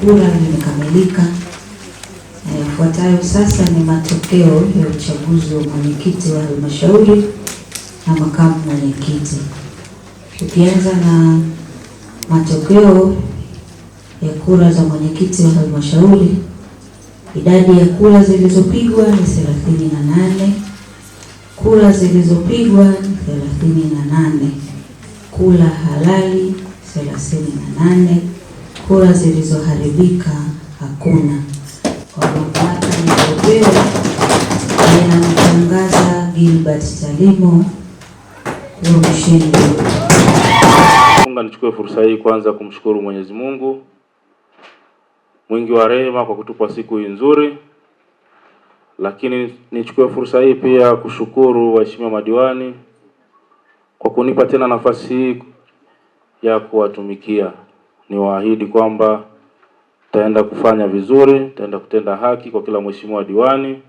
kura imekamilika. Yafuatayo sasa ni matokeo ya uchaguzi wa mwenyekiti wa halmashauri na makamu mwenyekiti. Tukianza na matokeo ya kura za mwenyekiti wa halmashauri, idadi ya kura zilizopigwa ni thelathini na nane. Kura zilizopigwa ni thelathini na nane. Kura halali thelathini na nane kura zilizoharibika hakuna. Kwa mamlaka niliyopewa, ninamtangaza Gilbert Talimo kuwa mshindi. Unga, nichukue fursa hii kwanza kumshukuru Mwenyezi Mungu mwingi wa rehema kwa kutupa siku hii nzuri, lakini nichukue fursa hii pia kushukuru waheshimiwa madiwani kwa kunipa tena nafasi hii ya kuwatumikia niwaahidi kwamba taenda kufanya vizuri, taenda kutenda haki kwa kila mheshimiwa diwani.